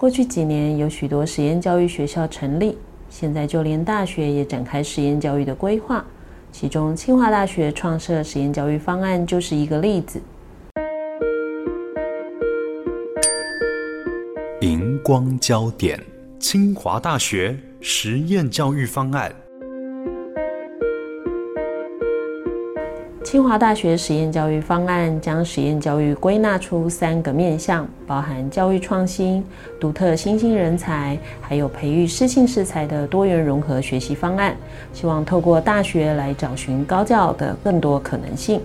過去幾年有許多實驗教育學校成立，現在就連大學也展開實驗教育的規劃，其中清華大學創設實驗教育方案就是一個例子。熒光焦點：清華大學實驗教育方案。清華大學實驗教育方案將實驗教育歸納出三個面向，包含教育創新、獨特新興人才，還有培育適性適材的多元融合學習方案。希望透過大學來找尋高教的更多可能性。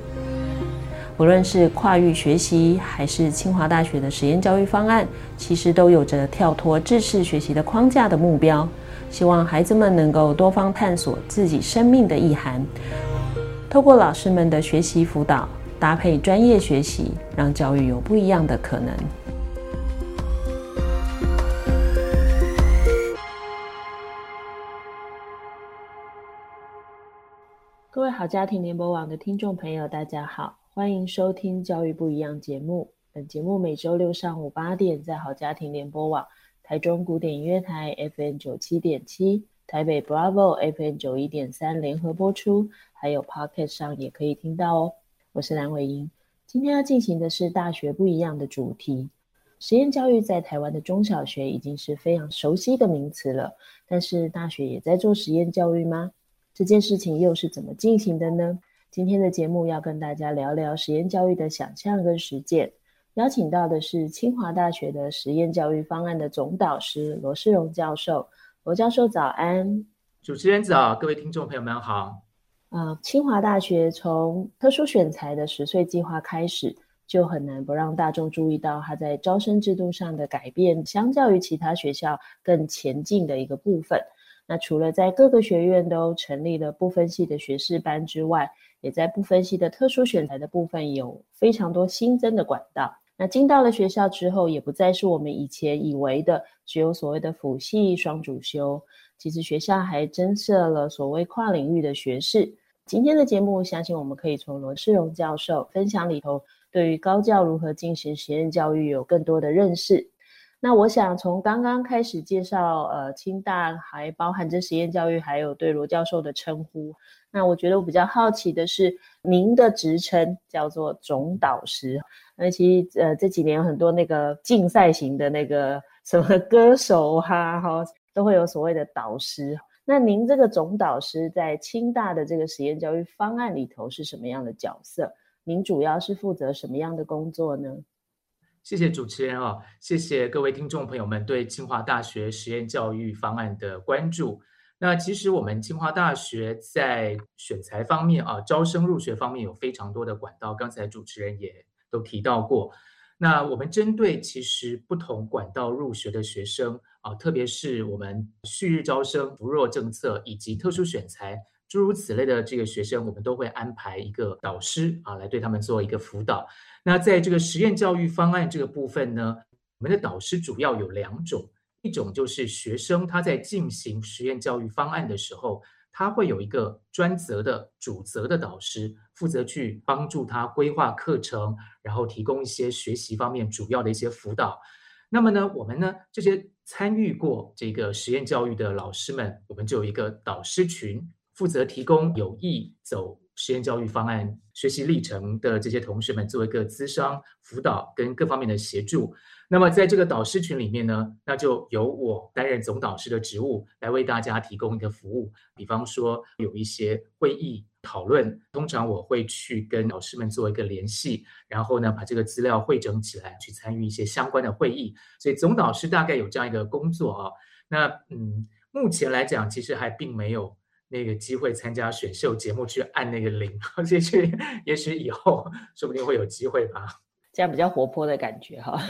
不論是跨域學習，還是清華大學的實驗教育方案，其實都有着跳脫制式學習的框架的目標，希望孩子們能夠多方探索自己生命的意涵。透過老師們的學習輔導，搭配專業學習，讓教育有不一樣的可能。各位好家庭聯播網的聽眾朋友，大家好，歡迎收聽《教育不一樣》節目。本節目每週六上午八點，在好家庭聯播網、台中古典音樂台 FM 九七點七、台北 Bravo FM 九一點三聯合播出。還有 Podcast 上也可以聽到哦。我是藍偉瑩，今天要進行的是大學不一樣的主題。實驗教育在台灣的中小學已經是非常熟悉的名詞了，但是大學也在做實驗教育嗎？這件事情又是怎麼進行的呢？今天的節目要跟大家聊聊實驗教育的想象跟實踐。邀請到的是清華大學的實驗教育方案的總導師羅仕龍教授。羅教授早安。主持人早，各位聽眾朋友們好。呃，清華大學從特殊選才的拾穗計畫開始，就很難不讓大眾注意到它在招生制度上的改變，相較於其他學校更前進的一個部分。那除了在各個學院都成立了不分系的學士班之外，也在不分系的特殊選才的部分有非常多新增的管道。那進到了學校之後，也不再是我們以前以為的只有所謂的輔系雙主修，其實學校還增設了所謂跨領域的學士。今天的節目，相信我們可以從羅仕龍教授分享裡頭，對於高教如何進行實驗教育有更多的認識。那我想從剛剛開始介紹，呃，清大還包含着實驗教育，還有對羅教授的稱呼。那我覺得我比較好奇的是，您的職稱叫做總導師。那其實，呃，這幾年有很多那個競賽型的那個什麼歌手哈，哈，都會有所謂的導師。那您這個總導師在清大的這個實驗教育方案裡頭是什麼樣的角色？您主要是負責什麼樣的工作呢？謝謝主持人啊，謝謝各位聽眾朋友們對清華大學實驗教育方案的關注。那其實我們清華大學在選才方面啊，招生入學方面有非常多的管道，剛才主持人也都提到過。那我們針對其實不同管道入學的學生啊，特別是我們旭日招生扶弱政策以及特殊選才，諸如此類的這個學生，我們都會安排一個導師啊來對他們做一個輔導。那在這個實驗教育方案這個部分呢，我們的導師主要有兩種，一種就是學生他在進行實驗教育方案的時候。他會有一個專責的主責的導師，負責去幫助他規劃課程，然後提供一些學習方面主要的一些輔導。那麼呢，我們呢這些參與過這個實驗教育的老師們，我們就有一個導師群，負責提供有意走實驗教育方案學習歷程的這些同學們做一個諮商輔導跟各方面的協助。那麼在這個導師群裡面呢，那就由我擔任總導師的職務，來為大家提供一個服務。比方說有一些會議討論，通常我會去跟導師們做一個聯繫，然後呢把這個資料匯整起來，去參與一些相關的會議。所以總導師大概有這樣一個工作啊、哦。那嗯，目前來講，其實還並沒有那個機會參加選秀節目去按那個鈴，也許也許以後說不定會有機會吧。這樣比較活潑的感覺哈。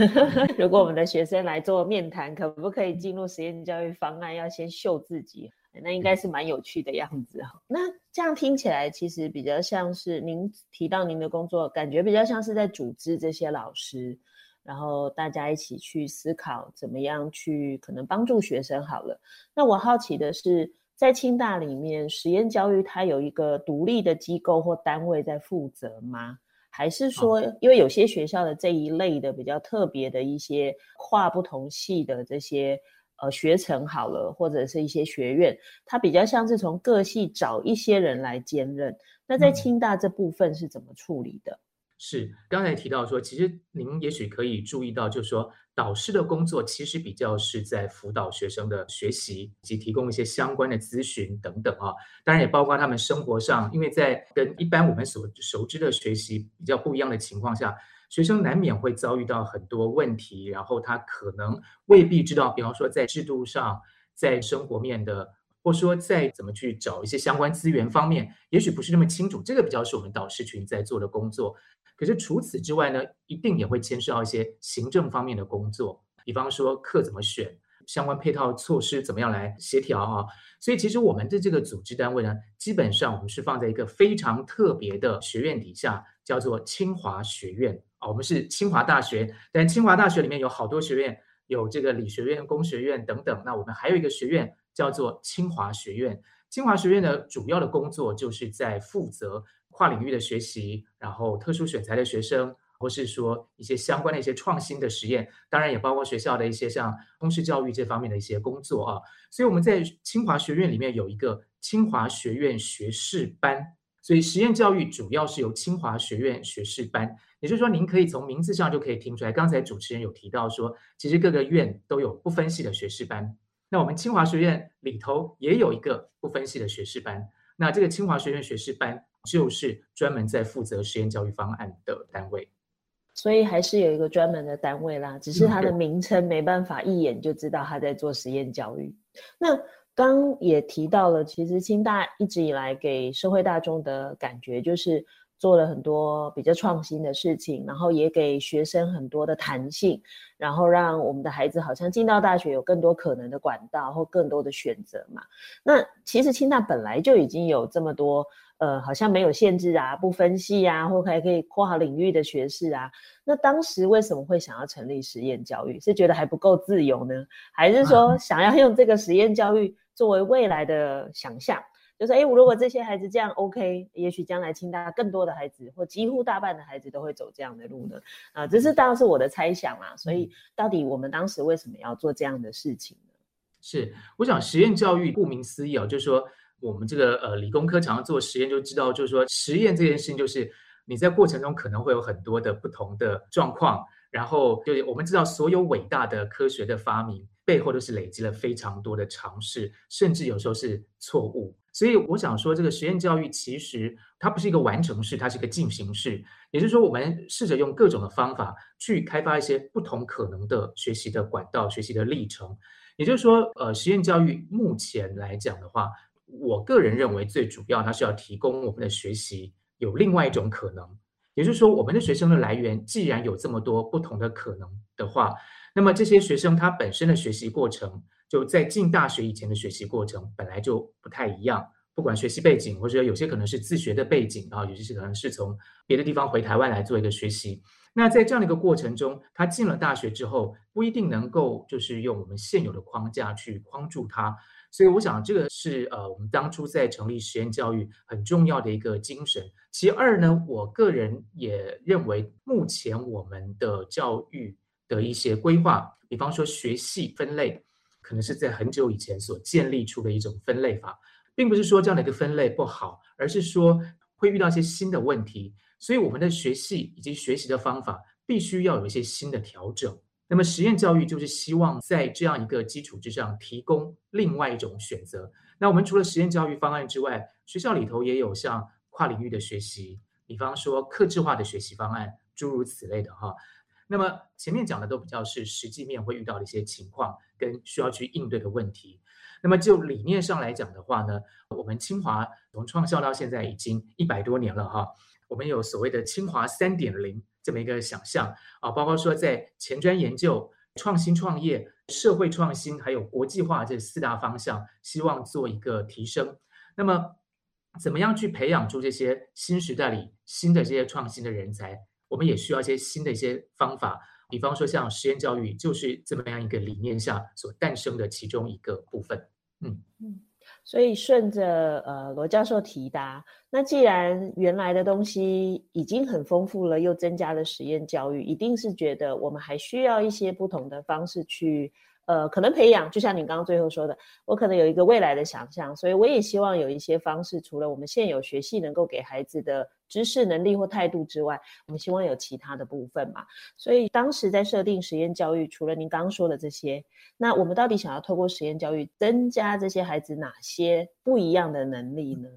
如果我們的學生來做面談，可不可以進入實驗教育方案？要先秀自己，那應該是蠻有趣的樣子哈。那這樣聽起來，其實比較像是您提到您的工作，感覺比較像是在組織這些老師，然後大家一起去思考怎麼樣去可能幫助學生好了。那我好奇的是，在清大裡面，實驗教育它有一個獨立的機構或單位在負責嗎？還是說，因為有些學校的這一類的比較特別的一些跨不同系的這些呃學程好了，或者是一些學院，它比較像是從各系找一些人來兼任。那在清大這部分是怎麼處理的？嗯、是剛才提到說，其實您也許可以注意到，就是說。導師的工作其實比較是在輔導學生的學習，以及提供一些相關的諮詢等等啊。當然也包括他們生活上，因為在跟一般我們所熟知的學習比較不一樣的情況下，學生難免會遭遇到很多問題，然後他可能未必知道，比方說在制度上，在生活面的，或者說在怎麼去找一些相關資源方面，也許不是那麼清楚。這個比較是我們導師群在做的工作。可是除此之外呢，一定也會牽涉到一些行政方面的工作，比方說課怎麼選，相關配套措施怎麼樣來協調啊？所以其實我們的這個組織單位呢，基本上我們是放在一個非常特別的學院底下，叫做清華學院啊。哦，我們是清華大學，但清華大學裡面有好多學院，有這個理學院、工學院等等。那我們還有一個學院叫做清華學院。清華學院的主要的工作就是在負責。跨領域的學習，然後特殊選才的學生，或是說一些相關的一些創新的實驗，當然也包括學校的一些像通識教育這方面的一些工作啊。所以我們在清華學院裡面有一個清華學院學士班，所以實驗教育主要是由清華學院學士班。也就是說，您可以從名字上就可以聽出來。剛才主持人有提到說，其實各個院都有不分系的學士班，那我們清華學院裡頭也有一個不分系的學士班。那這個清華學院學士班。就是專門在負責實驗教育方案的單位，所以還是有一個專門的單位啦。只是它的名稱沒辦法 一眼就知道他在做實驗教育。那剛也提到了，其實清大一直以來給社會大眾的感覺就是做了很多比較創新的事情，然後也給學生很多的彈性，然後讓我們的孩子好像進到大學有更多可能的管道或更多的選擇嘛。那其實清大本來就已經有這麼多。呃，好像沒有限制啊，不分系啊，或還可以跨領域的學士啊。那當時為什麼會想要成立實驗教育？是覺得還不夠自由呢，還是說想要用這個實驗教育作為未來的想象？啊、就是、說，哎，我如果這些孩子這樣 OK，也許將來清大更多的孩子，或幾乎大半的孩子都會走這樣的路呢？啊、呃，這是當然是我的猜想啦、啊。所以，到底我們當時為什麼要做這樣的事情呢？是，我想實驗教育顧名思義啊、哦，就是說。我們這個呃，理工科常常做實驗，就知道就是說，實驗這件事情就是你在過程中可能會有很多的不同的狀況，然後就是我們知道，所有偉大的科學的發明背後都是累積了非常多的嘗試，甚至有時候是錯誤。所以我想說，這個實驗教育其實它不是一個完成式，它是一個進行式。也就是說，我們試着用各種的方法去開發一些不同可能的學習的管道、學習的歷程。也就是說，呃，實驗教育目前來講的話。我個人認為，最主要它是要提供我們的學習有另外一種可能，也就是說，我們的學生的來源既然有這麼多不同的可能的話，那麼這些學生他本身的學習過程，就在進大學以前的學習過程本來就不太一樣，不管學習背景，或者說有些可能是自學的背景啊，有些可能是從別的地方回台灣來做一個學習。那在這樣的一個過程中，他進了大學之後，不一定能夠就是用我們現有的框架去框住他。所以，我想這個是呃，我們當初在成立實驗教育很重要的一個精神。其二呢，我個人也認為，目前我們的教育的一些規劃，比方說學系分類，可能是在很久以前所建立出的一種分類法，並不是說這樣的一個分類不好，而是說會遇到一些新的問題。所以，我們的學系以及學習的方法，必須要有一些新的調整。那麼實驗教育就是希望在這樣一個基礎之上，提供另外一種選擇。那我們除了實驗教育方案之外，學校裡頭也有像跨領域的學習，比方說客製化的學習方案，諸如此類的哈。那麼前面講的都比較是實際面會遇到的一些情況跟需要去應對的問題。那麼就理念上來講的話呢，我們清華從創校到現在已經一百多年了哈，我們有所謂的清華三點零。這麼一個想象啊，包括說在前瞻研究、創新創業、社會創新，還有國際化這四大方向，希望做一個提升。那麼，怎麼樣去培養出這些新時代裡新的這些創新的人才？我們也需要一些新的一些方法，比方說像實驗教育，就是這麼樣一個理念下所誕生的其中一個部分。嗯嗯。所以順着呃、羅教授提的，那既然原來的東西已經很豐富了，又增加了實驗教育，一定是覺得我們還需要一些不同的方式去，呃，可能培養。就像你剛剛最後說的，我可能有一個未來的想象，所以我也希望有一些方式，除了我們現有學系能夠給孩子的知識能力或態度之外，我們希望有其他的部分嘛？所以當時在設定實驗教育，除了您剛剛說的這些，那我們到底想要透過實驗教育增加這些孩子哪些不一樣的能力呢？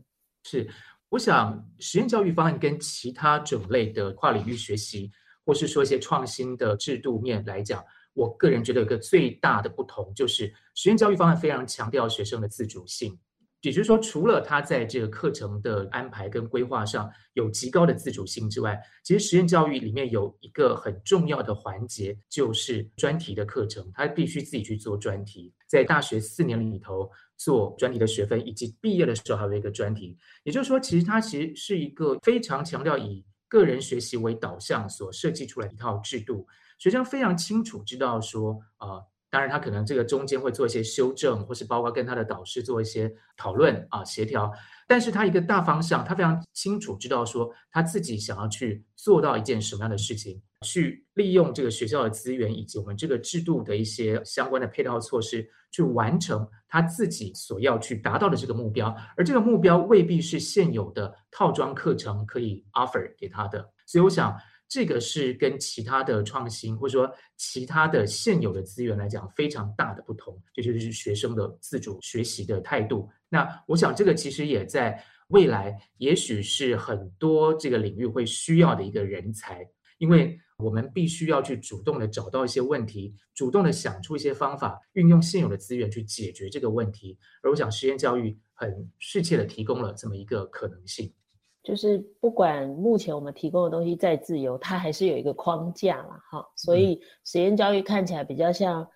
是，我想實驗教育方案跟其他種類的跨領域學習，或是說一些創新的制度面來講，我個人覺得有個最大的不同，就是實驗教育方案非常強調學生的自主性。也就是說，除了他在這個課程的安排跟規劃上有極高的自主性之外，其實實驗教育裡面有一個很重要的環節，就是專題的課程，他必須自己去做專題，在大學四年裡頭做專題的學分，以及畢業的時候還有一個專題。也就是說，其實他其實是一個非常強調以個人學習為導向所設計出來一套制度，學生非常清楚知道說啊。呃當然，他可能這個中間會做一些修正，或是包括跟他的導師做一些討論啊、協調。但是他一個大方向，他非常清楚知道說他自己想要去做到一件什麼樣的事情，去利用這個學校的資源以及我們這個制度的一些相關的配套措施，去完成他自己所要去達到的這個目標。而這個目標未必是現有的套裝課程可以 offer 給他的，所以我想。這個是跟其他的創新或者說其他的現有的資源來講非常大的不同，這就是學生的自主學習的態度。那我想，這個其實也在未來，也許是很多這個領域會需要的一個人才，因為我們必須要去主動的找到一些問題，主動的想出一些方法，運用現有的資源去解決這個問題。而我想，實驗教育很適切的提供了這麼一個可能性。就是不管目前我們提供的東西再自由，它還是有一個框架嘛，哈。所以實驗教育看起來比較像，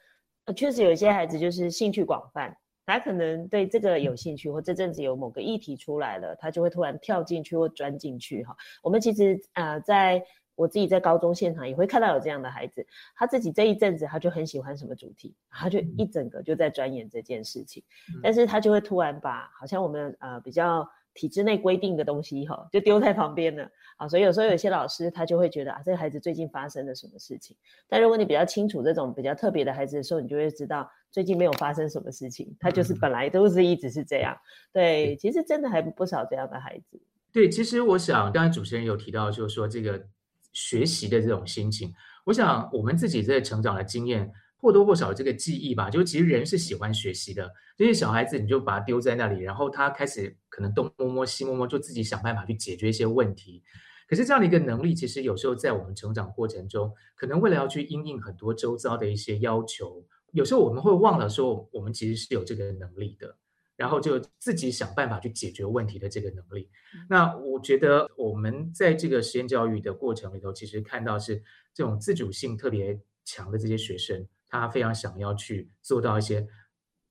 呃、確實有一些孩子就是興趣廣泛，他可能對這個有興趣，或這陣子有某個議題出來了，他就會突然跳進去或鑽進去，哈。我們其實啊、呃，在我自己在高中現場也會看到有這樣的孩子，他自己這一陣子他就很喜歡什麼主題，他就一整個就在鑽研這件事情、嗯，但是他就會突然把好像我們啊、呃、比較。體制內規定的東西哈，就丟在旁邊了啊。所以有時候有些老師他就會覺得啊，這個孩子最近發生了什麼事情？但如果你比較清楚這種比較特別的孩子的時候，你就會知道最近沒有發生什麼事情，他就是本來都是一直是這樣。嗯、對，其實真的還不少這樣的孩子。對，對，其實我想剛才主持人有提到，就是說這個學習的這種心情，我想我們自己在成長的經驗。或多或少這個記憶吧，就其實人是喜歡學習的。這些小孩子你就把他丟在那裡，然後他開始可能東摸摸西摸摸，就自己想辦法去解決一些問題。可是這樣的一個能力，其實有時候在我們成長過程中，可能為了要去因應很多周遭的一些要求，有時候我們會忘了說，我們其實是有這個能力的，然後就自己想辦法去解決問題的這個能力。那我覺得我們在這個實驗教育的過程裡頭，其實看到是這種自主性特別強的這些學生。他非常想要去做到一些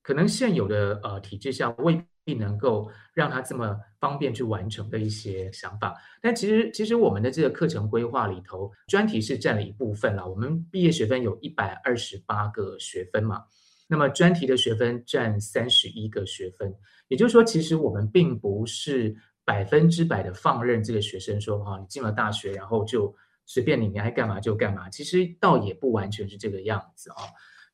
可能現有的呃體制下未必能夠讓他這麼方便去完成的一些想法，但其實其實我們的這個課程規劃裡頭，專題是占了一部分了。我們畢業學分有一百二十八個學分嘛，那麼專題的學分占三十一個學分，也就是說，其實我們並不是百分之百的放任這個學生說哈、哦，你進了大學然後就。隨便你，你愛幹嘛就幹嘛，其實倒也不完全是這個樣子啊、哦。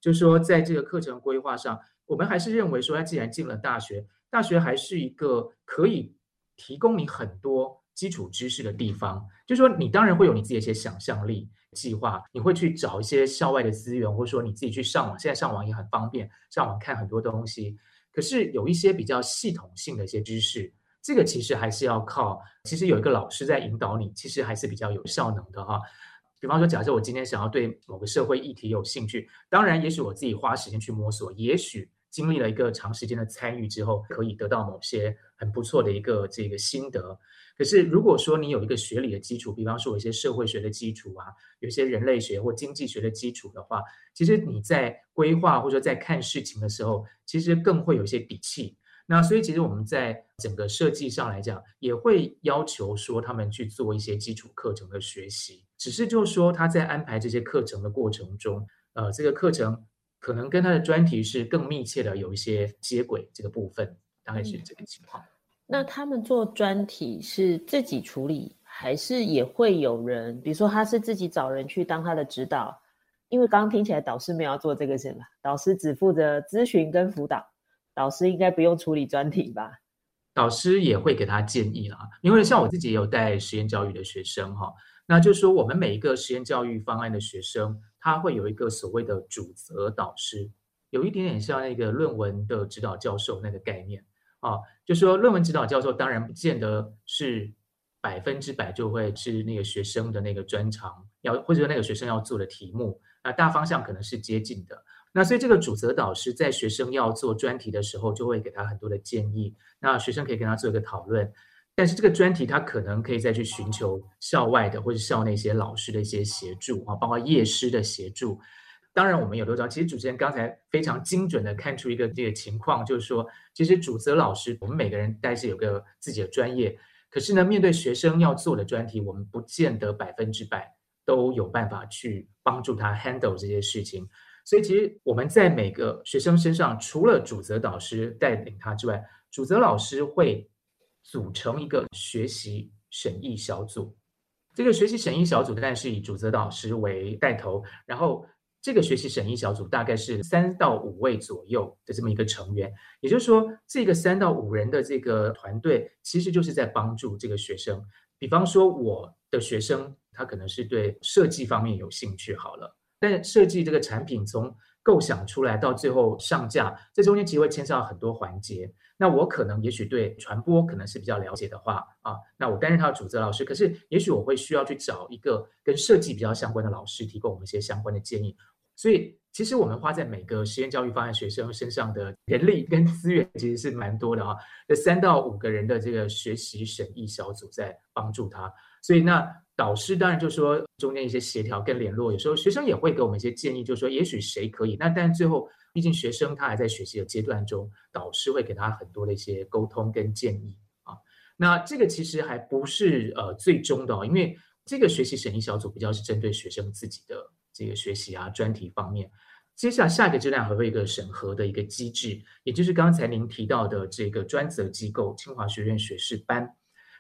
就是說，在這個課程規劃上，我們還是認為說，他既然進了大學，大學還是一個可以提供你很多基礎知識的地方。就是說，你當然會有你自己一些想象力、計劃，你會去找一些校外的資源，或者說你自己去上網。現在上網也很方便，上網看很多東西。可是有一些比較系統性的一些知識。這個其實還是要靠，其實有一個老師在引導你，其實還是比較有效能的哈、啊。比方說，假設我今天想要對某個社會議題有興趣，當然，也許我自己花時間去摸索，也許經歷了一個長時間的參與之後，可以得到某些很不錯的一個這個心得。可是，如果說你有一個學理的基礎，比方說有一些社會學的基礎啊，有一些人類學或經濟學的基礎的話，其實你在規劃或者在看事情的時候，其實更會有一些底氣。那所以其實我們在整個設計上來講，也會要求說他們去做一些基礎課程的學習，只是就說他在安排這些課程的過程中，呃，這個課程可能跟他的專題是更密切的有一些接軌這個部分，大概是這個情況。嗯。那他們做專題是自己處理，還是也會有人？比如說他是自己找人去當他的指導，因為剛剛聽起來導師沒有要做這個事嘛，導師只負責諮詢跟輔導。老師應該不用處理專題吧？導師也會給他建議了，因為像我自己也有帶實驗教育的學生哈、哦，那就是說我們每一個實驗教育方案的學生，他會有一個所謂的主責導師，有一點點像那個論文的指導教授那個概念啊、哦，就說論文指導教授當然不見得是百分之百就會是那個學生的那個專長要或者說那個學生要做的題目，那大方向可能是接近的。那所以，這個主責導師在學生要做專題的時候，就會給他很多的建議。那學生可以跟他做一個討論，但是這個專題他可能可以再去尋求校外的或者校內一些老師的一些協助啊，包括業師的協助。當然，我們有都知道，其實主持人剛才非常精準地看出一個這個情況，就是說，其實主責老師我們每個人但是有個自己的專業，可是呢，面對學生要做的專題，我們不見得百分之百都有辦法去幫助他 handle 這些事情。所以，其實我們在每個學生身上，除了主責導師帶領他之外，主責老師會組成一個學習審議小組。這個學習審議小組大概是以主責導師為帶頭，然後這個學習審議小組大概是三到五位左右的這麼一個成員。也就是說，這個三到五人的這個團隊，其實就是在幫助這個學生。比方說，我的學生他可能是對設計方面有興趣，好了。但設計這個產品從構想出來到最後上架，這中間其實會牽涉到很多環節。那我可能也許對傳播可能是比較了解的話啊，那我擔任他的主責老師。可是也許我會需要去找一個跟設計比較相關的老師，提供我們一些相關的建議。所以其實我們花在每個實驗教育方案學生身上的人力跟資源其實是蠻多的啊。這三到五個人的這個學習審議小組在幫助他。所以，那導師當然就說中間一些協調跟聯絡，有時候學生也會給我們一些建議，就說也許誰可以。那但最後，畢竟學生他還在學習的階段中，導師會給他很多的一些溝通跟建議啊。那這個其實還不是呃最終的、哦，因為這個學習審議小組比較是針對學生自己的這個學習啊、專題方面。接下來下一個階段還會有一個審核的一個機制，也就是剛才您提到的這個專責機構——清華學院學士班。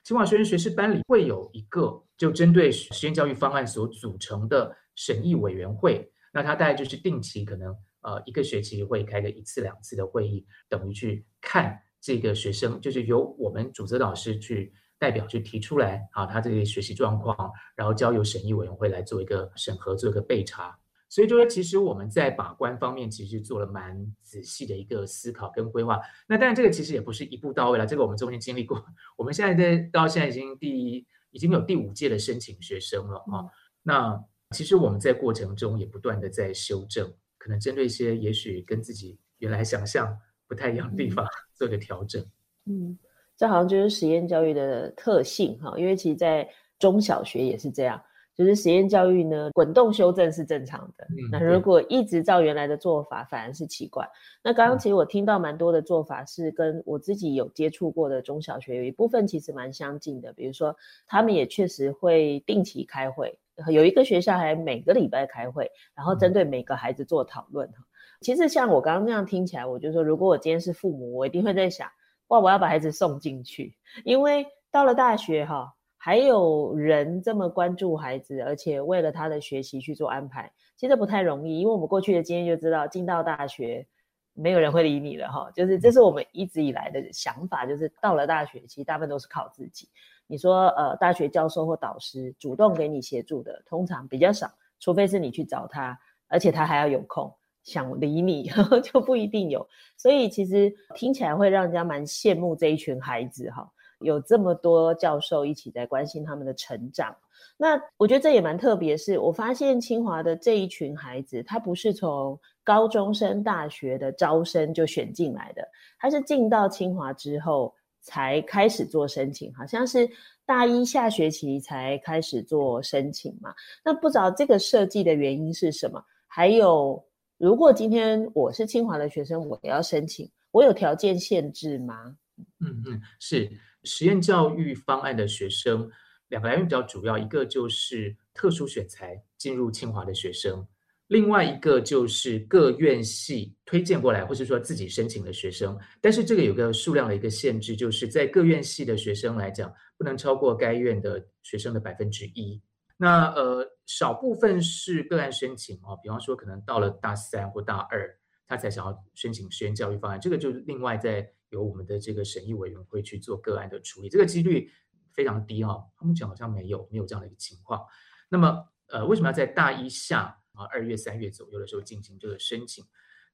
清華學生學士班裡會有一個，就針對實驗教育方案所組成的審議委員會。那他大概就是定期，可能呃一個學期會開個一次兩次的會議，等於去看這個學生，就是由我們主責老師去代表去提出來啊，他這個學習狀況，然後交由審議委員會來做一個審核，做一個備查。所以就說，其實我們在把關方面，其實做了蠻仔細的一個思考跟規劃。那但這個其實也不是一步到位了，這個我們中間經歷過。我們現在在到現在已經第已經有第五屆的申請學生了啊、哦。那其實我們在過程中也不斷的在修正，可能針對一些也許跟自己原來想象不太一樣的地方做一個調整。嗯，這好像就是實驗教育的特性哈，因為其實，在中小學也是這樣。就是實驗教育呢，滾動修正是正常的。那如果一直照原來的做法，嗯、反而是奇怪。那剛剛其實我聽到蠻多的做法，是跟我自己有接觸過的中小學有一部分其實蠻相近的。比如說，他們也確實會定期開會，有一個學校還每個禮拜開會，然後針對每個孩子做討論哈、嗯。其實像我剛剛那樣聽起來，我就說，如果我今天是父母，我一定會在想，哇，我要把孩子送進去，因為到了大學哈、哦。還有人這麼關注孩子，而且為了他的學習去做安排，其實不太容易，因為我們過去的經驗就知道，進到大學，沒有人會理你了哈。就是這是我們一直以來的想法，就是到了大學，其實大部分都是靠自己。你說，呃，大學教授或導師主動給你協助的，通常比較少，除非是你去找他，而且他還要有空想理你，呵呵，就不一定有。所以其實聽起來會讓人家蠻羨慕這一群孩子哈。有這麼多教授一起在關心他們的成長，那我覺得這也蠻特別是。是我發現清華的這一群孩子，他不是從高中升大學的招生就選進來的，他是進到清華之後才開始做申請，好像是大一下學期才開始做申請嘛。那不知道這個設計的原因是什麼？還有，如果今天我是清華的學生，我也要申請，我有條件限制嗎？嗯嗯，是。實驗教育方案的學生，兩個來源比較主要，一個就是特殊選才進入清華的學生，另外一個就是各院系推薦過來，或是說自己申請的學生。但是這個有個數量的一個限制，就是在各院系的學生來講，不能超過該院的學生的百分之一。那呃，少部分是個案申請哦，比方說可能到了大三或大二，他才想要申請實驗教育方案，這個就是另外在。由我們的這個審議委員會去做個案的處理，這個幾率非常低哈，目前好像沒有沒有這樣的一個情況。那麼，呃，為什麼要在大一下啊，二月、三月左右的時候進行這個申請？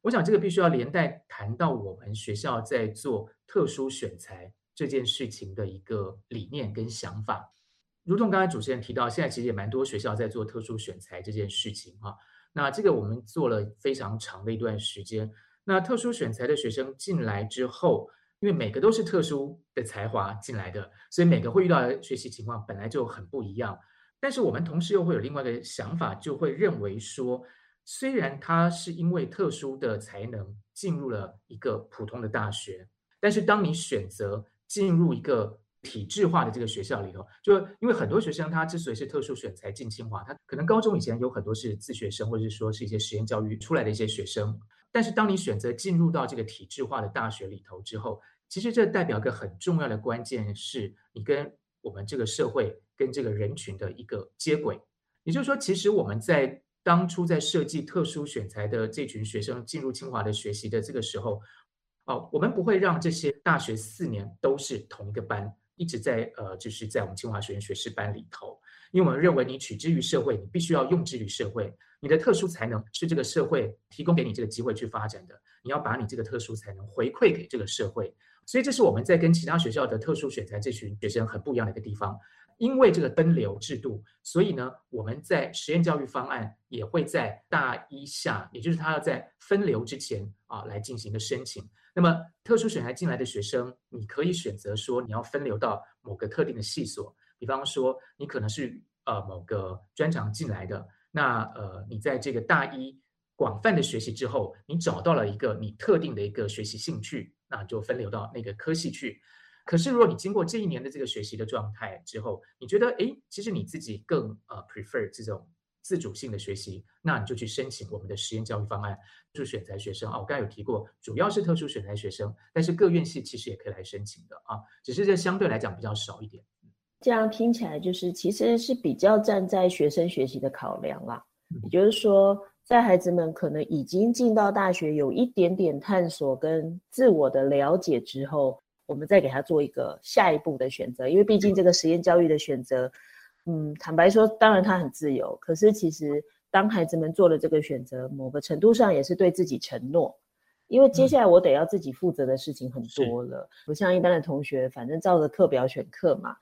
我想這個必須要連帶談到我們學校在做特殊選才這件事情的一個理念跟想法。如同剛才主持人提到，現在其實也蠻多學校在做特殊選才這件事情哈，那這個我們做了非常長的一段時間。那特殊選才的學生進來之後，因為每個都是特殊的才華進來的，所以每個會遇到的學習情況本來就很不一樣。但是我們同時又會有另外的想法，就會認為說，雖然他是因為特殊的才能進入了一個普通的大學，但是當你選擇進入一個體制化的這個學校裡頭，就因為很多學生他之所以是特殊選才進清華，他可能高中以前有很多是自學生，或者是說是一些實驗教育出來的一些學生。但是，當你選擇進入到這個體制化的大學裡頭之後，其實這代表一個很重要的關鍵，是你跟我們這個社會、跟這個人群的一個接軌。也就是說，其實我們在當初在設計特殊選才的這群學生進入清華的學習的這個時候，哦、呃，我們不會讓這些大學四年都是同一個班，一直在呃，就是在我們清華學院學士班裡頭，因為我們認為你取之於社會，你必須要用之於社會。你的特殊才能是這個社會提供給你這個機會去發展的，你要把你這個特殊才能回饋給這個社會。所以這是我們在跟其他學校的特殊選才，這群學生很不一樣的一個地方。因為這個分流制度，所以呢，我們在實驗教育方案也會在大一下，也就是他要在分流之前啊，來進行一個申請。那麼特殊選才進來的學生，你可以選擇說你要分流到某個特定的系所，比方說你可能是呃某個專長進來的。那呃，你在這個大一廣泛的學習之後，你找到了一個你特定的一個學習興趣，那就分流到那個科系去。可是如果你經過這一年的這個學習的狀態之後，你覺得哎，其實你自己更呃 prefer 這種自主性的學習，那你就去申請我們的實驗教育方案，就選才學生啊。我剛才有提過，主要是特殊選才學生，但是各院系其實也可以來申請的啊，只是這相對來講比較少一點。這樣聽起來就是，其實是比較站在學生學習的考量啦。也就是說，在孩子們可能已經進到大學，有一點點探索跟自我的了解之後，我們再給他做一個下一步的選擇。因為畢竟這個實驗教育的選擇，嗯，坦白說，當然他很自由。可是其實，當孩子們做了這個選擇，某個程度上也是對自己承諾，因為接下來我得要自己負責的事情很多了。不像一般的同學，反正照着課表選課嘛。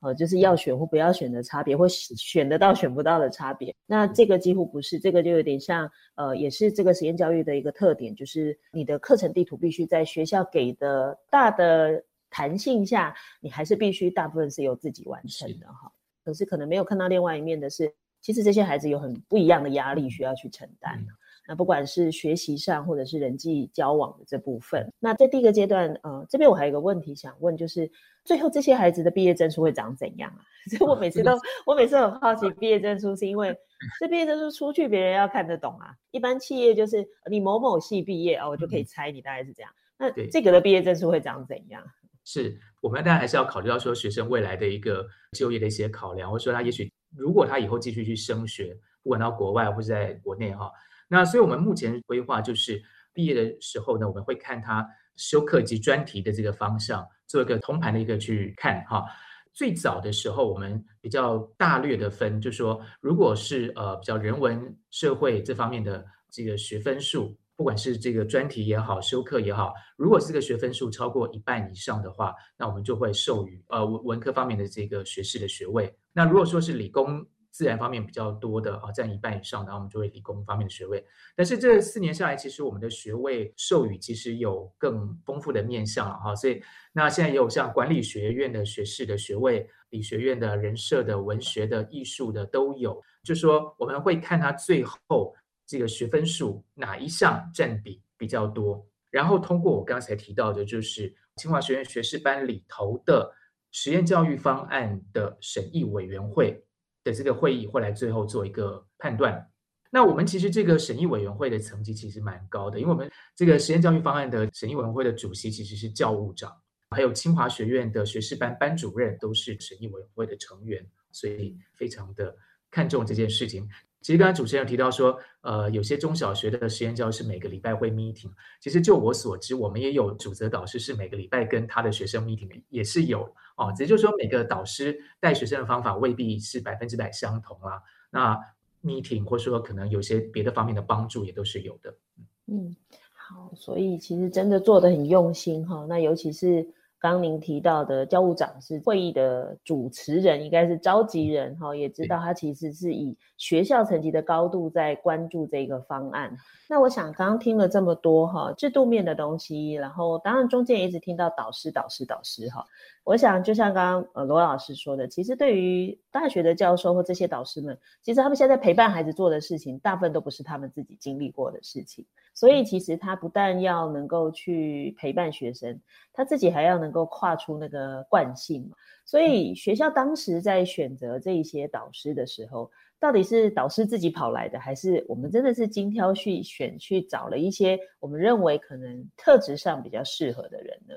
呃，就是要選或不要選的差別，或選得到選不到的差別。那這個幾乎不是，這個就有點像，呃，也是這個實驗教育的一個特點，就是你的課程地圖必須在學校給的大的彈性下，你還是必須大部分是由自己完成的哈。可是可能沒有看到另外一面的是，其實這些孩子有很不一樣的壓力需要去承擔。嗯那不管是學習上，或者是人際交往的這部分，那在第一個階段，呃，這邊我還有個問題想問，就是最後這些孩子的畢業證書會長怎樣啊？所以我每次都、嗯，我每次很好奇畢業證書，是因為這畢業證書出去別人要看得懂啊。一般企業就是你某某系畢業啊，我就可以猜你大概是這樣。那這個的畢業證書會長怎樣？是我們當然還是要考慮到說學生未來的一個就業的一些考量，或者說他也許如果他以後繼續去升學，不管到國外或是在國內哈、哦。那所以我們目前規劃就是畢業的時候呢，我們會看他修課及專題的這個方向做一個通盤的一個去看哈。最早的時候我們比較大略的分，就是說如果是呃比較人文社會這方面的這個學分數，不管是這個專題也好，修課也好，如果這個學分數超過一半以上的話，那我們就會授予呃文科方面的這個學士的學位。那如果說是理工。自然方面比較多的啊，占一半以上的，然後我們就會理工方面的學位。但是這四年下來，其實我們的學位授予其實有更豐富的面向了哈、啊。所以那現在也有像管理學院的學士的學位、理學院的人設的、文學的、藝術的都有。就說我們會看他最後這個學分數哪一項占比比較多，然後通過我剛才提到的，就是清華學院學士班裡頭的實驗教育方案的審議委員會的這個會議，後來最後做一個判斷。那我們其實這個審議委員會的層級其實蠻高的，因為我們這個實驗教育方案的審議委員會的主席其實是教務長，還有清華學院的學士班班主任都是審議委員會的成員，所以非常的看重這件事情。其實剛才主持人有提到說，呃，有些中小學的實驗教育是每個禮拜會 meeting。其實就我所知，我們也有主責導師是每個禮拜跟他的學生 meeting，也是有哦。也就是說，每個導師帶學生的方法未必是百分之百相同啦。那 meeting 或者說可能有些別的方面的幫助也都是有的。嗯，好，所以其實真的做得很用心哈、哦。那尤其是。剛您提到的教務長是會議的主持人，應該是召集人哈，也知道他其實是以學校層級的高度在關注這個方案。那我想剛剛聽了這麼多哈，制度面的東西，然後當然中間也一直聽到導師、導師、導師哈。我想就像剛剛呃羅老師說的，其實對於大學的教授或這些導師們，其實他們現在陪伴孩子做的事情，大部分都不是他們自己經歷過的事情。所以，其實他不但要能夠去陪伴學生，他自己還要能夠跨出那個慣性。所以，學校當時在選擇這一些導師的時候，到底是導師自己跑來的，還是我們真的是精挑細選去找了一些我們認為可能特質上比較適合的人呢？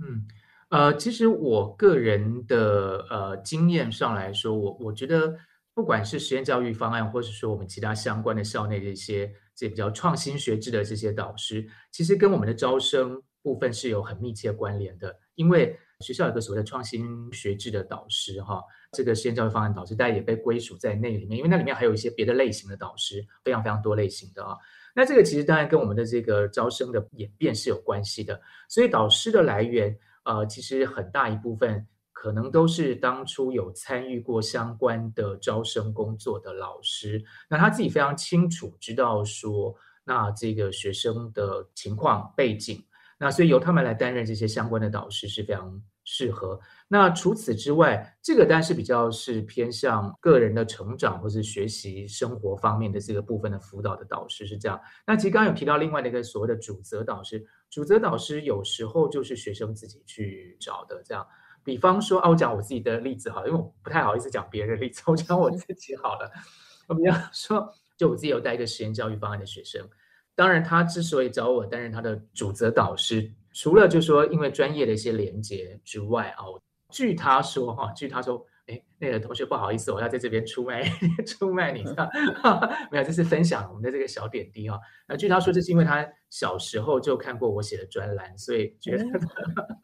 嗯，呃，其實我個人的呃經驗上來說，我我覺得不管是實驗教育方案，或是說我們其他相關的校內的一些。這比較創新學制的這些導師，其實跟我們的招生部分是有很密切關聯的。因為學校有個所謂的創新學制的導師哈，這個實驗教育方案導師，大家也被歸屬在那裡面。因為那裡面還有一些別的類型的導師，非常非常多類型的啊。那這個其實當然跟我們的這個招生的演變是有關係的。所以導師的來源，呃，其實很大一部分。可能都是當初有參與過相關的招生工作的老師，那他自己非常清楚知道說，那這個學生的情況背景，那所以由他們來擔任這些相關的導師是非常適合。那除此之外，這個單是比較是偏向個人的成長或是學習生活方面的這個部分的輔導的導師是這樣。那其實剛剛有提到另外的一個所謂的主責導師，主責導師有時候就是學生自己去找的這樣。比方說啊，我講我自己的例子好了，因為我不太好意思講別人的例子，我講我自己好了。 我比方說，就我自己有帶一個實驗教育方案的學生，當然他之所以找我擔任他的主責導師，除了就說因為專業的一些連接之外啊，據他說哈，據他說，哎，那個同學不好意思，我要在這邊出賣出賣你這樣、嗯啊，沒有，這是分享我們的這個小點滴哈。那、啊、據他說，這是因為他小時候就看過我寫的專欄，所以覺得、嗯。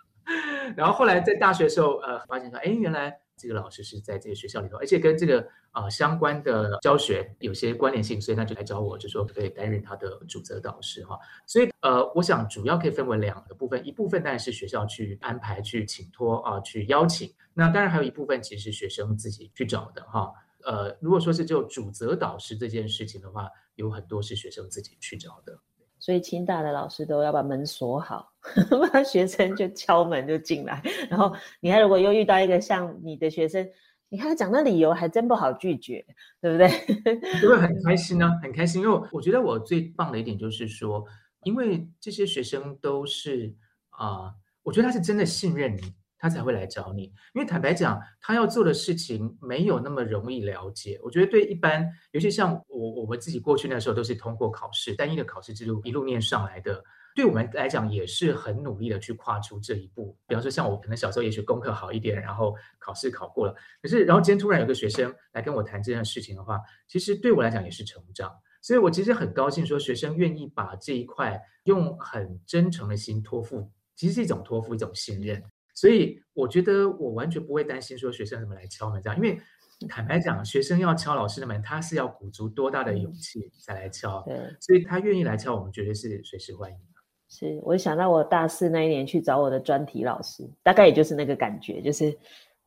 然後後來在大學的時候，呃，發現說，哎，原來這個老師是在這個學校裡頭，而且跟這個呃相關的教學有些關聯性，所以他就來找我，就說可以擔任他的主責導師哈。所以呃，我想主要可以分為兩個部分，一部分當然是學校去安排、去請託啊、呃、去邀請，那當然還有一部分其實是學生自己去找的哈。呃，如果說是就主責導師這件事情的話，有很多是學生自己去找的。所以清大的老師都要把門鎖好， 學生就敲門就進來。然後你看，如果又遇到一個像你的學生，你看他講的理由還真不好拒絕，對不對？就會很開心呢、啊，很開心，因為我我覺得我最棒的一點就是說，因為這些學生都是啊、呃，我覺得他是真的信任你。他才會來找你，因為坦白講，他要做的事情沒有那麼容易了解。我覺得對一般，尤其像我我們自己過去那時候都是通過考試，單一的考試之路，一路念上來的，對我們來講也是很努力的去跨出這一步。比方說，像我可能小時候也許功課好一點，然後考試考過了。可是，然後今天突然有個學生來跟我談這件事情的話，其實對我來講也是成長。所以我其實很高興，說學生願意把這一塊用很真誠的心託付，其實是一種託付，一種信任。所以我覺得我完全不會擔心說學生怎麼來敲門這樣，因為坦白講，學生要敲老師的門，他是要鼓足多大的勇氣再來敲？嗯、對，所以他願意來敲，我們絕對是隨時歡迎。是，我想到我大四那一年去找我的專題老師，大概也就是那個感覺，就是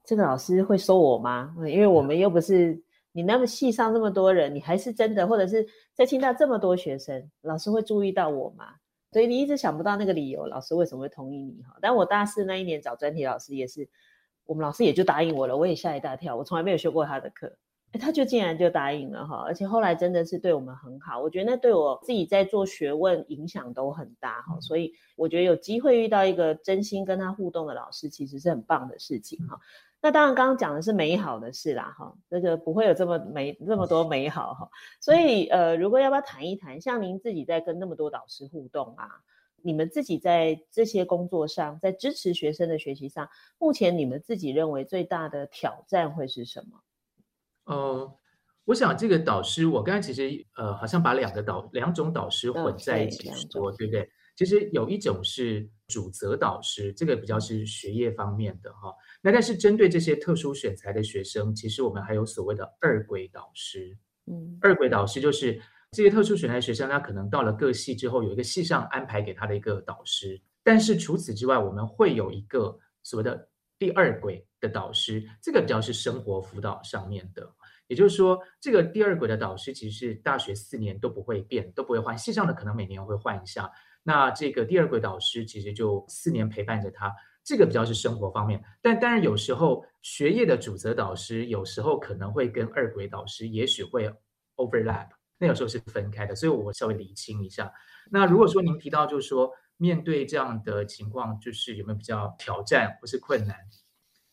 這個老師會收我嗎？因為我們又不是、嗯、你那麼系上那麼多人，你還是真的，或者是在清大這麼多學生，老師會注意到我嗎？所以你一直想不到那個理由，老師為什麼會同意你哈？但我大四那一年找專題老師也是，我們老師也就答應我了，我也嚇一大跳，我從來沒有修過他的課誒，他就竟然就答應了哈！而且後來真的是對我們很好，我覺得那對我自己在做學問影響都很大哈。所以我覺得有機會遇到一個真心跟他互動的老師，其實是很棒的事情哈。那當然，剛剛講的是美好的事啦，哈，這個不會有這麼美、這麼多美好，哈。所以，呃，如果要不要談一談，像您自己在跟那麼多導師互動啊，你們自己在這些工作上，在支持學生的學習上，目前你們自己認為最大的挑戰會是什麼？嗯、呃，我想這個導師，我剛才其實呃，好像把兩個導、兩種導師混在一起說，對，對不對？其實有一種是。主責導師這個比較是學業方面的哈，那但是針對這些特殊選才的學生，其實我們還有所謂的二軌導師。嗯，二軌導師就是這些特殊選才的學生，他可能到了各系之後，有一個系上安排給他的一個導師。但是除此之外，我們會有一個所謂的第二軌的導師，這個比較是生活輔導上面的。也就是說，這個第二軌的導師，其實是大學四年都不會變，都不會換。系上的可能每年會換一下。那這個第二軌導師其實就四年陪伴着他，這個比較是生活方面。但當然有時候學業的主責導師有時候可能會跟二軌導師也許會 overlap，那有時候是分開的。所以我稍微理清一下。那如果說您提到就是說面對這樣的情況，就是有沒有比較挑戰或是困難？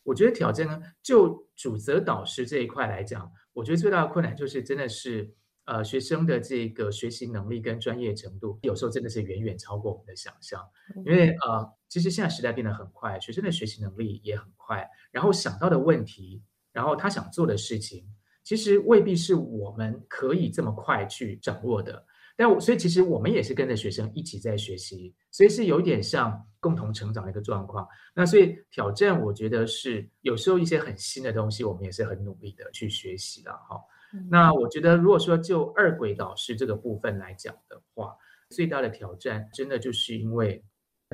我覺得挑戰呢，就主責導師這一塊來講，我覺得最大的困難就是真的是。呃，學生的這個學習能力跟專業程度，有時候真的是遠遠超過我們的想象。因為呃，其實現在時代變得很快，學生的學習能力也很快，然後想到的問題，然後他想做的事情，其實未必是我們可以這麼快去掌握的。但我所以其實我們也是跟着學生一起在學習，所以是有點像共同成長的一個狀況。那所以挑戰，我覺得是有時候一些很新的東西，我們也是很努力的去學習的哈。哦那我覺得，如果說就二軌導師這個部分來講的話，最大的挑戰真的就是因為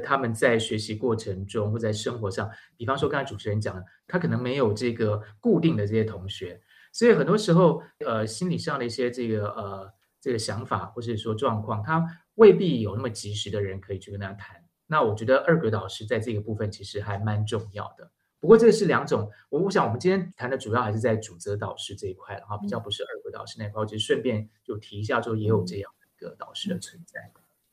他們在學習過程中或在生活上，比方說剛才主持人講的，他可能沒有這個固定的這些同學，所以很多時候，呃，心理上的一些這個呃這個想法或是說狀況，他未必有那麼及時的人可以去跟他談。那我覺得二軌導師在這個部分其實還蠻重要的。不過這個是兩種，我我想我們今天談的主要還是在主責導師這一塊，然後比較不是二軌導師那一塊，我就順便就提一下，就也有這樣的一個導師的存在。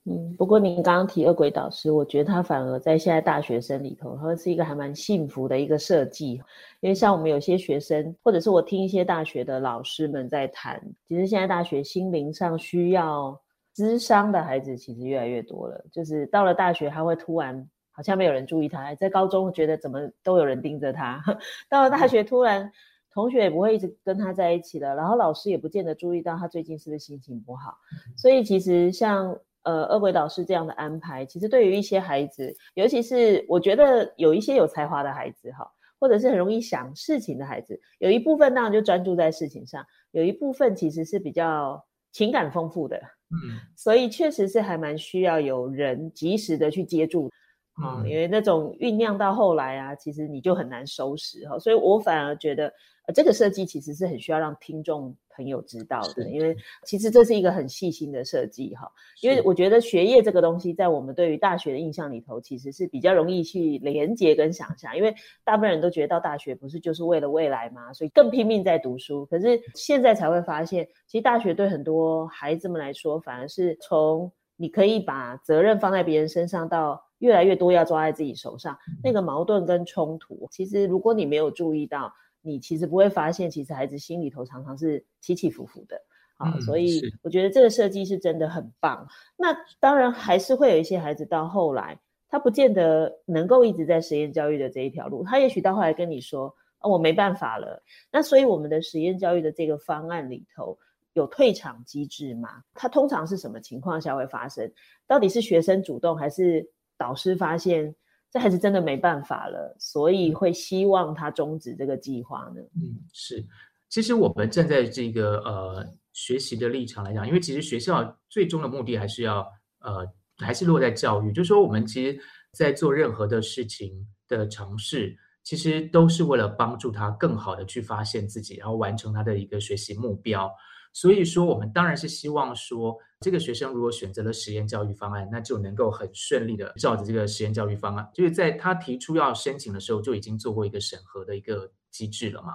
嗯，不過您剛剛提二軌導師，我覺得他反而在現在大學生裡頭，他是一個還蠻幸福的一個設計，因為像我們有些學生，或者是我聽一些大學的老師們在談，其實現在大學心靈上需要諮商的孩子其實越來越多了，就是到了大學他會突然。好像沒有人注意他，在高中覺得怎麼都有人盯着他， 到了大學突然同學也不會一直跟他在一起了，然後老師也不見得注意到他最近是不是心情不好，所以其實像呃二位導師這樣的安排，其實對於一些孩子，尤其是我覺得有一些有才華的孩子哈，或者是很容易想事情的孩子，有一部分當然就專注在事情上，有一部分其實是比較情感豐富的，嗯，所以確實是還蠻需要有人及時的去接住。啊、嗯，因為那種醞釀到後來啊，其實你就很難收拾哈。所以我反而覺得，這個設計其實是很需要讓聽眾朋友知道的，因為其實這是一個很細心的設計哈。因為我覺得學業這個東西，在我們對於大學的印象裡頭，其實是比較容易去連接跟想象，因為大部分人都覺得到大學不是就是為了未來嘛，所以更拼命在讀書。可是現在才會發現，其實大學對很多孩子們來說，反而是從你可以把責任放在別人身上到。越來越多要抓在自己手上，那個矛盾跟衝突，其實如果你沒有注意到，你其實不會發現，其實孩子心裡頭常常是起起伏伏的。啊。嗯、所以我覺得這個設計是真的很棒。那當然還是會有一些孩子到後來，他不見得能夠一直在實驗教育的這一條路，他也許到後來跟你說：“啊、哦，我沒辦法了。”那所以我們的實驗教育的這個方案裡頭有退場機制嗎？它通常是什麼情況下會發生？到底是學生主動還是？導師發現這還是真的沒辦法了，所以會希望他終止這個計劃呢？嗯，是。其實我們站在這個呃學習的立場來講，因為其實學校最終的目的還是要呃還是落在教育，就是說我們其實在做任何的事情的嘗試，其實都是為了幫助他更好的去發現自己，然後完成他的一個學習目標。所以說，我們當然是希望說，這個學生如果選擇了實驗教育方案，那就能夠很順利的照着這個實驗教育方案。就是在他提出要申請的時候，就已經做過一個審核的一個機制了嘛。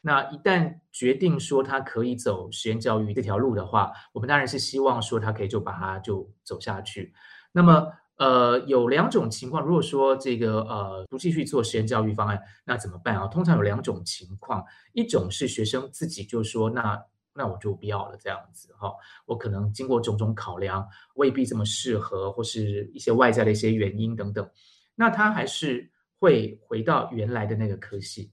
那一旦決定說他可以走實驗教育這條路的話，我們當然是希望說他可以就把它就走下去。那麼，呃，有兩種情況，如果說這個呃不繼續做實驗教育方案，那怎麼辦啊？通常有兩種情況，一種是學生自己就說那。那我就不要了。這樣子哈，我可能經過種種考量，未必這麼適合，或是一些外在的一些原因等等，那他還是會回到原來的那個科系。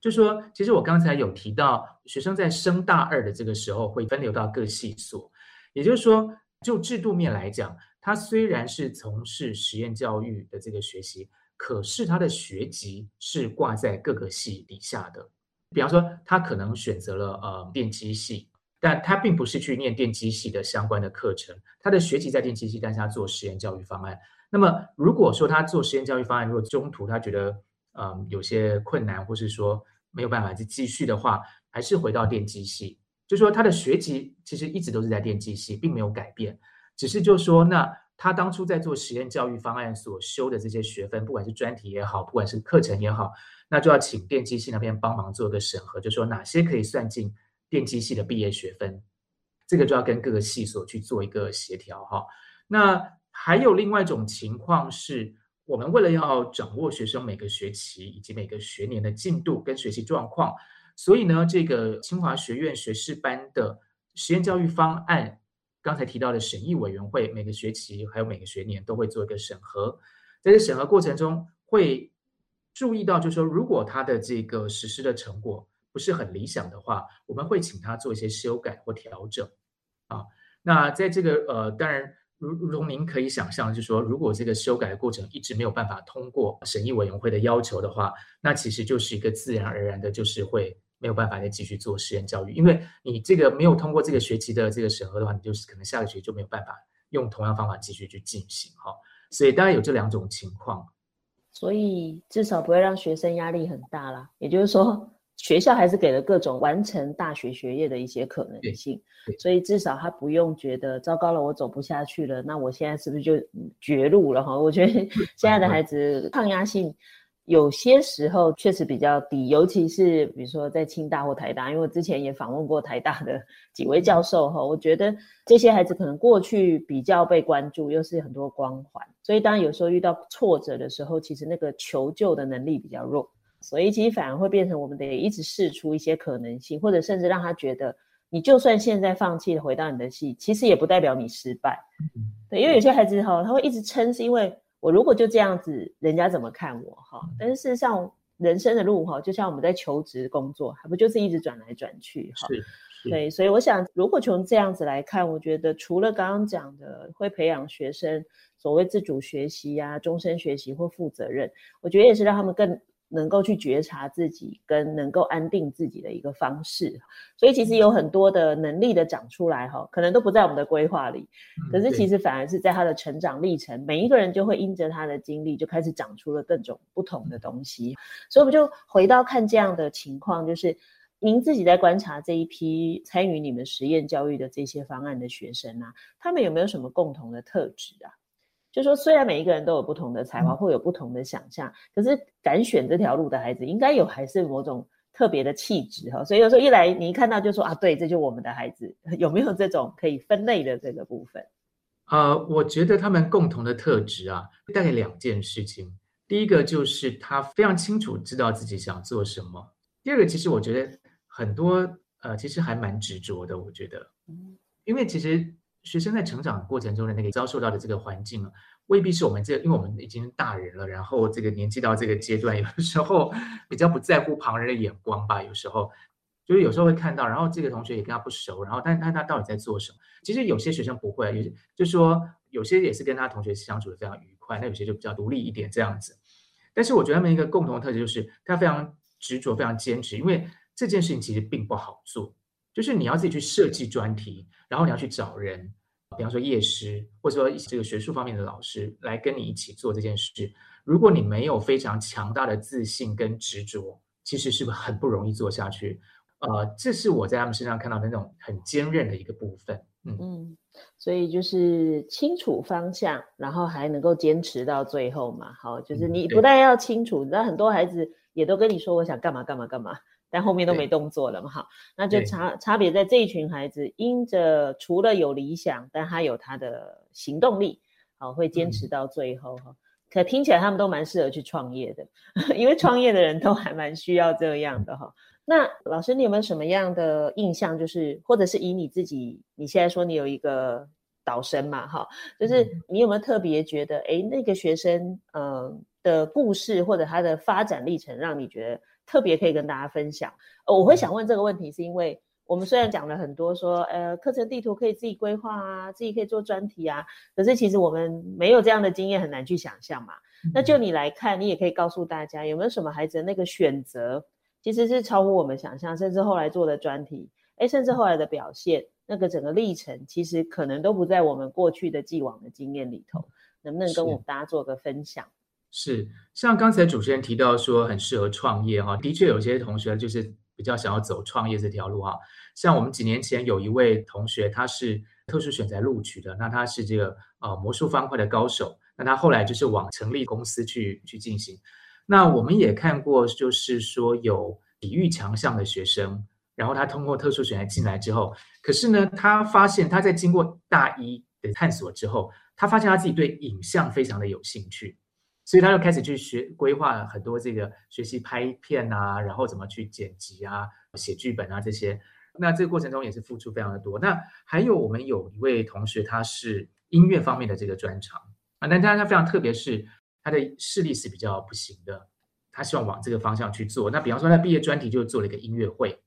就說，其實我剛才有提到，學生在升大二的這個時候會分流到各系所，也就是說，就制度面來講，他雖然是從事實驗教育的這個學習，可是他的學籍是掛在各個系底下的。比方說，他可能選擇了呃電機系，但他並不是去念電機系的相關的課程，他的學籍在電機系，但是他做實驗教育方案。那麼，如果說他做實驗教育方案，如果中途他覺得嗯有些困難，或是說沒有辦法去繼續的話，還是回到電機系，就說他的學籍其實一直都是在電機系，並沒有改變，只是就說那他當初在做實驗教育方案所修的這些學分，不管是專題也好，不管是課程也好。那就要請電機系那邊幫忙做一個審核，就是說哪些可以算進電機系的畢業學分，這個就要跟各個系所去做一個協調哈。那還有另外一種情況是，我們為了要掌握學生每個學期以及每個學年的進度跟學習狀況，所以呢，這個清華學院學士班的實驗教育方案，剛才提到的審議委員會，每個學期還有每個學年都會做一個審核，在這審核過程中會。注意到，就是說，如果他的這個實施的成果不是很理想的話，我們會請他做一些修改或調整。啊，那在這個呃，當然如，如如您可以想象，就是說，如果這個修改的過程一直沒有辦法通過審議委員會的要求的話，那其實就是一個自然而然的，就是會沒有辦法再繼續做實驗教育，因為你這個沒有通過這個學期的這個審核的話，你就是可能下個學期就沒有辦法用同樣方法繼續去進行哈、啊。所以，當然有這兩種情況。所以至少不會讓學生壓力很大啦，也就是說，學校還是給了各種完成大學學業的一些可能性，所以至少他不用覺得糟糕了，我走不下去了，那我現在是不是就絕路了哈？我覺得現在的孩子抗壓性。有些時候確實比較低，尤其是比如說在清大或台大，因為我之前也訪問過台大的幾位教授哈，我覺得這些孩子可能過去比較被關注，又是很多光環，所以當有時候遇到挫折的時候，其實那個求救的能力比較弱，所以其實反而會變成我們得一直試出一些可能性，或者甚至讓他覺得你就算現在放棄回到你的系，其實也不代表你失敗，對，因為有些孩子哈，他會一直撐，是因為。我如果就這樣子，人家怎麼看我哈？但是事實上，人生的路哈，就像我們在求職、工作，還不就是一直轉來轉去哈？是，對，所以我想，如果從這樣子來看，我覺得除了剛剛講的，會培養學生所謂自主學習呀、啊、終身學習或負責任，我覺得也是讓他們更。能夠去覺察自己，跟能夠安定自己的一個方式，所以其實有很多的能力的長出來哈、哦，可能都不在我們的規劃裡，可是其實反而是在他的成長歷程，每一個人就會因着他的經歷就開始長出了各種不同的東西，所以我們就回到看這樣的情況，就是您自己在觀察這一批參與你們實驗教育的這些方案的學生呢、啊，他們有沒有什麼共同的特質啊？就是說，雖然每一個人都有不同的才華，會有不同的想象，可是敢選這條路的孩子，應該有還是某種特別的氣質哈。所以有時候一來，你一看到就說啊，對，這就是我們的孩子，有沒有這種可以分類的這個部分？呃，我覺得他們共同的特質啊，大概兩件事情。第一個就是他非常清楚知道自己想做什麼。第二個，其實我覺得很多呃，其實還蠻執着的。我覺得，因為其實。學生在成長過程中的那個遭受到的這個環境啊，未必是我們這個，因為我們已經大人了，然後這個年紀到這個階段，有的時候比較不在乎旁人的眼光吧。有時候就是有時候會看到，然後這個同學也跟他不熟，然後但他他到底在做什麼？其實有些學生不會，有些就是說有些也是跟他同學相處的非常愉快，那有些就比較獨立一點這樣子。但是我覺得他們一個共同的特質就是他非常執着，非常堅持，因為這件事情其實並不好做。就是你要自己去設計專題，然後你要去找人，比方說業師或者說這個學術方面的老師來跟你一起做這件事。如果你沒有非常強大的自信跟執着，其實是不是很不容易做下去？呃，這是我在他們身上看到的那種很堅韌的一個部分。嗯嗯，所以就是清楚方向，然後還能夠堅持到最後嘛。好，就是你不但要清楚，那、嗯、很多孩子也都跟你說，我想幹嘛幹嘛幹嘛。幹嘛但後面都沒動作了嘛，哈，那就差差別在這一群孩子，因着除了有理想，但他有他的行動力，好、哦，會堅持到最後，哈、嗯，可聽起來他們都蠻適合去創業的，嗯、因為創業的人都還蠻需要這樣的，哈、哦。那老師，你有沒有什麼樣的印象，就是或者是以你自己，你現在說你有一個導生嘛，哈、哦，就是你有沒有特別覺得，誒、嗯欸，那個學生，嗯、呃，的故事或者他的發展歷程，讓你覺得？特別可以跟大家分享，呃、哦，我會想問這個問題，是因為我們雖然講了很多說，說呃，課程地圖可以自己規劃啊，自己可以做專題啊，可是其實我們沒有這樣的經驗，很難去想象嘛。那就你來看，你也可以告訴大家，有沒有什麼孩子的那個選擇其實是超乎我們想象，甚至後來做的專題，誒，甚至後來的表現，那個整個歷程，其實可能都不在我們過去的既往的經驗裡頭，能不能跟我們大家做個分享？是，像剛才主持人提到說，很適合創業哈、啊。的確，有些同學就是比較想要走創業這條路哈、啊。像我們幾年前有一位同學，他是特殊選才錄取的，那他是這個呃、魔術方塊的高手，那他後來就是往成立公司去去進行。那我們也看過，就是說有體育強項的學生，然後他通過特殊選才進來之後，可是呢，他發現他在經過大一的探索之後，他發現他自己對影像非常的有興趣。所以他就開始去學規劃很多這個學習拍片啊，然後怎麼去剪輯啊、寫劇本啊這些。那這個過程中也是付出非常的多。那還有我們有一位同學，他是音樂方面的這個專長啊，那當然他非常特別是他的視力是比較不行的，他希望往這個方向去做。那比方說他畢業專題就做了一個音樂會，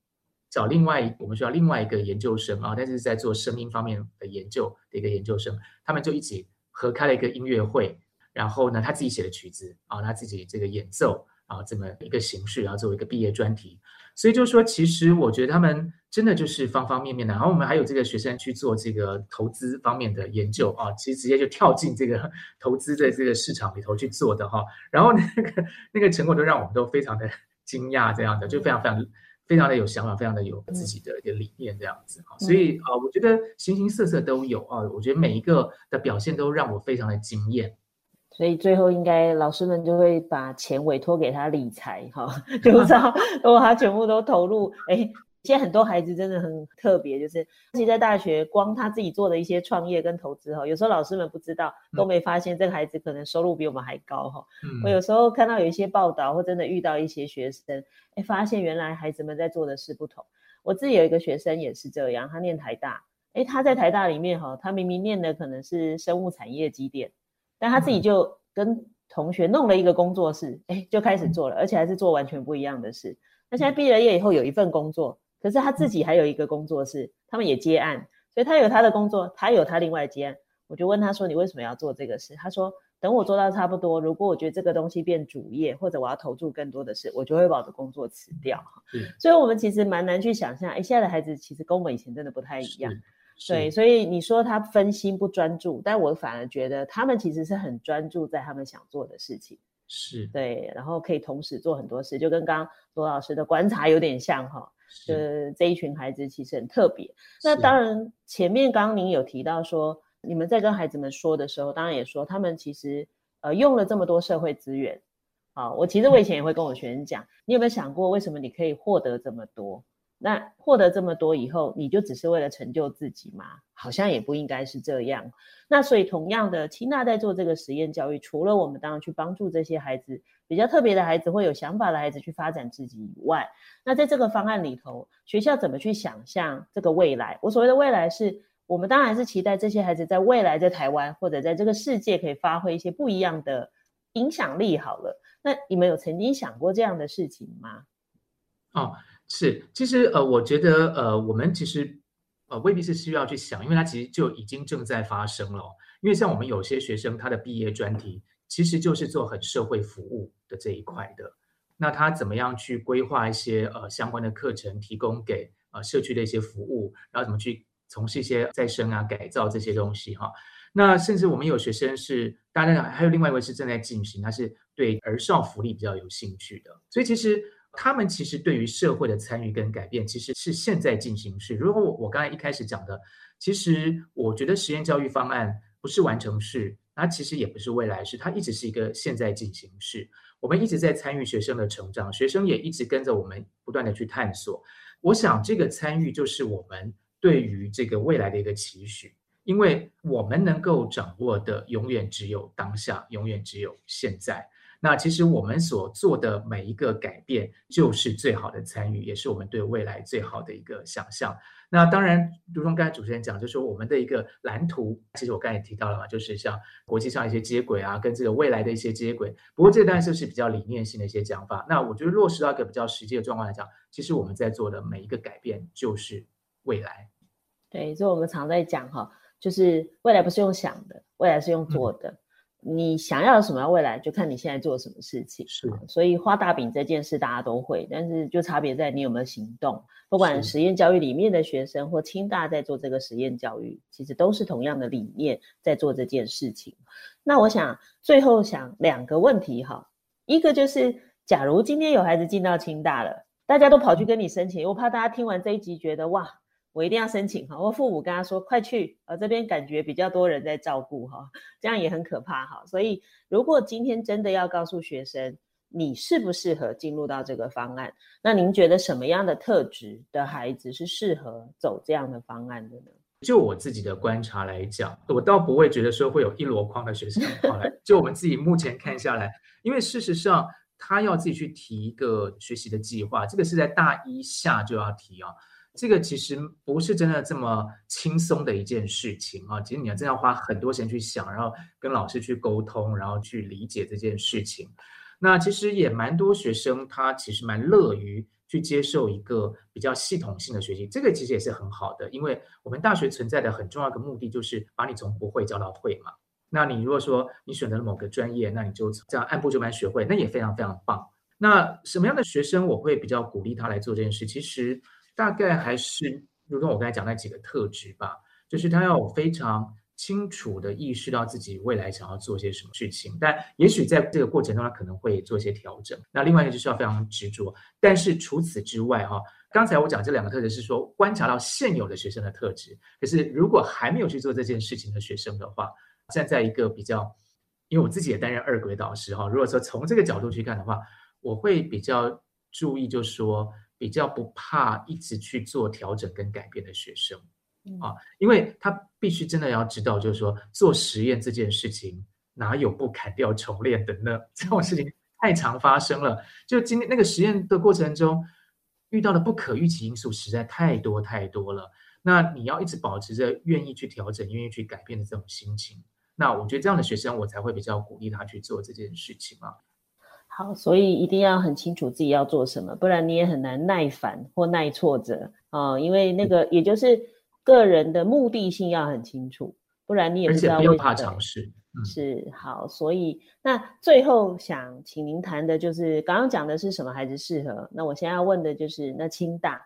找另外我們學校另外一個研究生啊，但是在做聲音方面的研究的一個研究生，他們就一起合開了一個音樂會。然後呢，他自己寫的曲子啊，他自己這個演奏啊，這麼一個形式，然後作為一個畢業專題，所以就是說，其實我覺得他們真的就是方方面面的。然後我們還有這個學生去做這個投資方面的研究啊，其實直接就跳進這個投資的這個市場裡頭去做的哈，啊。然後那個那個成果都讓我們都非常的驚訝，這樣的就非常非常非常的有想法，非常的有自己的一個理念這樣子。所以啊，我覺得形形色色都有啊，我覺得每一個的表現都讓我非常的驚艷。所以最後應該老師們就會把錢委托給他理財，哈、哦，就不知道如果 他全部都投入，誒現在很多孩子真的很特別，就是其實在大學光他自己做的一些創業跟投資，哈、哦，有時候老師們不知道，都沒發現這個孩子可能收入比我們還高，哈、嗯哦。我有時候看到有一些報道，或真的遇到一些學生，誒發現原來孩子們在做的事不同。我自己有一個學生也是這樣，他念台大，誒他在台大裡面，哈、哦，他明明念的可能是生物產業機電？但他自己就跟同學弄了一個工作室，哎，就開始做了，而且還是做完全不一樣的事。那現在畢了業以後有一份工作，可是他自己還有一個工作室，他們也接案，所以他有他的工作，他有他另外接案。我就問他說：“你為什麼要做這個事？”他說：“等我做到差不多，如果我覺得這個東西變主業，或者我要投注更多的事，我就會把我的工作辭掉。”所以我們其實蠻難去想象，哎，現在的孩子其實跟我們以前真的不太一樣。對，所以你說他分心不專注，但我反而覺得他們其實是很專注在他們想做的事情，是對，然後可以同時做很多事，就跟剛剛羅老師的觀察有點像哈、哦。是，就這一群孩子其實很特別。那當然，前面剛剛您有提到說，你們在跟孩子們說的時候，當然也說他們其實呃用了這麼多社會資源。好、哦，我其實我以前也會跟我學生講， 你有沒有想過為什麼你可以獲得這麼多？那獲得這麼多以後，你就只是為了成就自己嗎？好像也不應該是這樣。那所以，同樣的，清納在做這個實驗教育，除了我們當然去幫助這些孩子比較特別的孩子會有想法的孩子去發展自己以外，那在這個方案裡頭，學校怎麼去想象這個未來？我所謂的未來是，是我們當然是期待這些孩子在未來在台灣或者在這個世界可以發揮一些不一樣的影響力。好了，那你們有曾經想過這樣的事情嗎？好。是，其實呃，我覺得呃，我們其實呃，未必是需要去想，因為它其實就已經正在發生了。因為像我們有些學生，他的畢業專題其實就是做很社會服務的這一塊的。那他怎麼樣去規劃一些呃相關的課程，提供給呃社區的一些服務，然後怎麼去從事一些再生啊、改造這些東西哈、啊？那甚至我們有學生是，當然還有另外一位是正在進行，他是對兒少福利比較有興趣的，所以其實。他們其實對於社會的參與跟改變，其實是現在進行式，如果我剛才一開始講的，其實我覺得實驗教育方案不是完成式，它其實也不是未來式，它一直是一個現在進行式。我們一直在參與學生的成長，學生也一直跟着我們不斷地去探索。我想這個參與就是我們對於這個未來的一個期許，因為我們能夠掌握的永遠只有當下，永遠只有現在。那其實我們所做的每一個改變，就是最好的參與，也是我們對未來最好的一個想象。那當然，如同剛才主持人講，就是說我們的一個藍圖。其實我剛才也提到了嘛，就是像國際上一些接軌啊，跟這個未來的一些接軌。不過這當然是，是比較理念性的一些講法。那我覺得落實到一個比較實際的狀況來講，其實我們在做的每一個改變，就是未來。對，所以我們常在講哈，就是未來不是用想的，未來是用做的。嗯你想要什麼未來，就看你現在做什麼事情啊。是，所以畫大餅這件事大家都會，但是就差別在你有沒有行動。不管實驗教育裡面的學生或清大在做這個實驗教育，其實都是同樣的理念在做這件事情。那我想最後想兩個問題哈，一個就是，假如今天有孩子進到清大了，大家都跑去跟你申請，我怕大家聽完這一集覺得哇。我一定要申請哈！我父母跟他說：“快去！”呃，這邊感覺比較多人在照顧哈，這樣也很可怕哈。所以，如果今天真的要告訴學生，你適不適合進入到這個方案，那您覺得什麼樣的特質的孩子是適合走這樣的方案的呢？就我自己的觀察來講，我倒不會覺得說會有一籮筐的學生來。 就我們自己目前看下來，因為事實上他要自己去提一個學習的計劃，這個是在大一下就要提啊。這個其實不是真的這麼輕鬆的一件事情啊！其實你要真要花很多時間去想，然後跟老師去溝通，然後去理解這件事情。那其實也蠻多學生他其實蠻樂於去接受一個比較系統性的學習，這個其實也是很好的。因為我們大學存在的很重要一個目的就是把你從不會教到會嘛。那你如果說你選擇了某個專業，那你就這樣按部就班學會，那也非常非常棒。那什麼樣的學生我會比較鼓勵他來做這件事？其實。大概還是如同我剛才講那幾個特質吧，就是他要有非常清楚的意識到自己未來想要做些什麼事情，但也許在這個過程中他可能會做一些調整。那另外一個就是要非常執着，但是除此之外哈、啊，剛才我講這兩個特質是說觀察到現有的學生的特質，可是如果還沒有去做這件事情的學生的話，站在一個比較，因為我自己也擔任二軌導師哈、啊，如果說從這個角度去看的話，我會比較注意就是說。比較不怕一直去做調整跟改變的學生啊，因為他必須真的要知道，就是說做實驗這件事情哪有不砍掉重練的呢？這種事情太常發生了。就今天那個實驗的過程中，遇到的不可預期因素實在太多太多了。那你要一直保持着願意去調整、願意去改變的這種心情，那我覺得這樣的學生我才會比較鼓勵他去做這件事情啊。好，所以一定要很清楚自己要做什麼，不然你也很難耐煩或耐挫折啊、哦。因為那個，也就是個人的目的性要很清楚，不然你也不知道為什麼，而且不用怕嘗試。嗯、是。好，所以那最後想請您談的就是剛剛講的是什麼孩子適合？那我現在要問的就是那清大，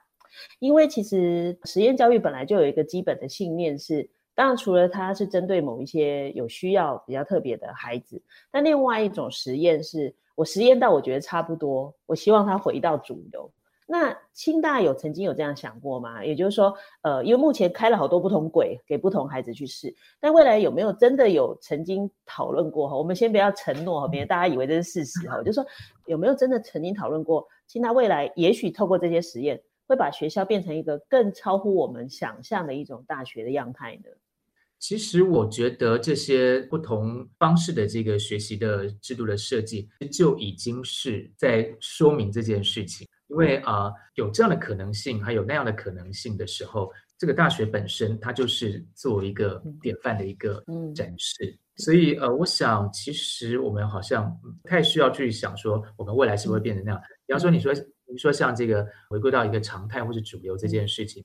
因為其實實驗教育本來就有一個基本的信念是，當然除了它是針對某一些有需要比較特別的孩子，那另外一種實驗是。我實驗到，我覺得差不多。我希望它回到主流。那清大有曾經有這樣想過嗎？也就是說，呃，因為目前開了好多不同軌給不同孩子去試，但未來有沒有真的有曾經討論過？哈，我們先不要承諾哈，別大家以為這是事實哈。我就說有沒有真的曾經討論過？清大未來也許透過這些實驗，會把學校變成一個更超乎我們想象的一種大學的樣態呢？其實我覺得這些不同方式的這個學習的制度的設計，就已經是在說明這件事情。因為啊、呃，有這樣的可能性，還有那樣的可能性的時候，這個大學本身它就是做一個典範的一個展示。所以呃，我想其實我們好像不太需要去想說我們未來是不是會變成那樣。比方說你說你說像這個回歸到一個常態或是主流這件事情。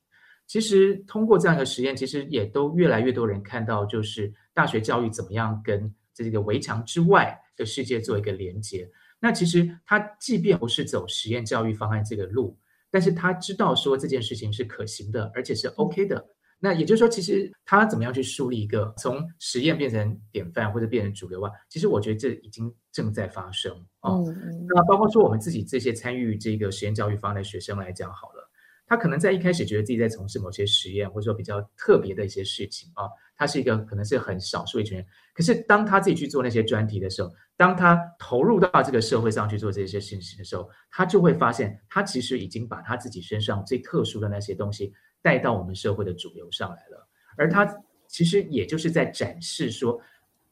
其實通過這樣一個實驗，其實也都越來越多人看到，就是大學教育怎麼樣跟這個圍牆之外的世界做一個連接。那其實他即便不是走實驗教育方案這個路，但是他知道說這件事情是可行的，而且是 OK 的。那也就是說，其實他怎麼樣去樹立一個從實驗變成典範或者變成主流啊？其實我覺得這已經正在發生哦。嗯，嗯。那包括說我們自己這些參與這個實驗教育方案的學生來講，好了。他可能在一開始覺得自己在從事某些實驗，或者說比較特別的一些事情啊。他是一個可能是很少數一群人，可是當他自己去做那些專題的時候，當他投入到這個社會上去做這些事情的時候，他就會發現，他其實已經把他自己身上最特殊的那些東西帶到我們社會的主流上來了。而他其實也就是在展示說，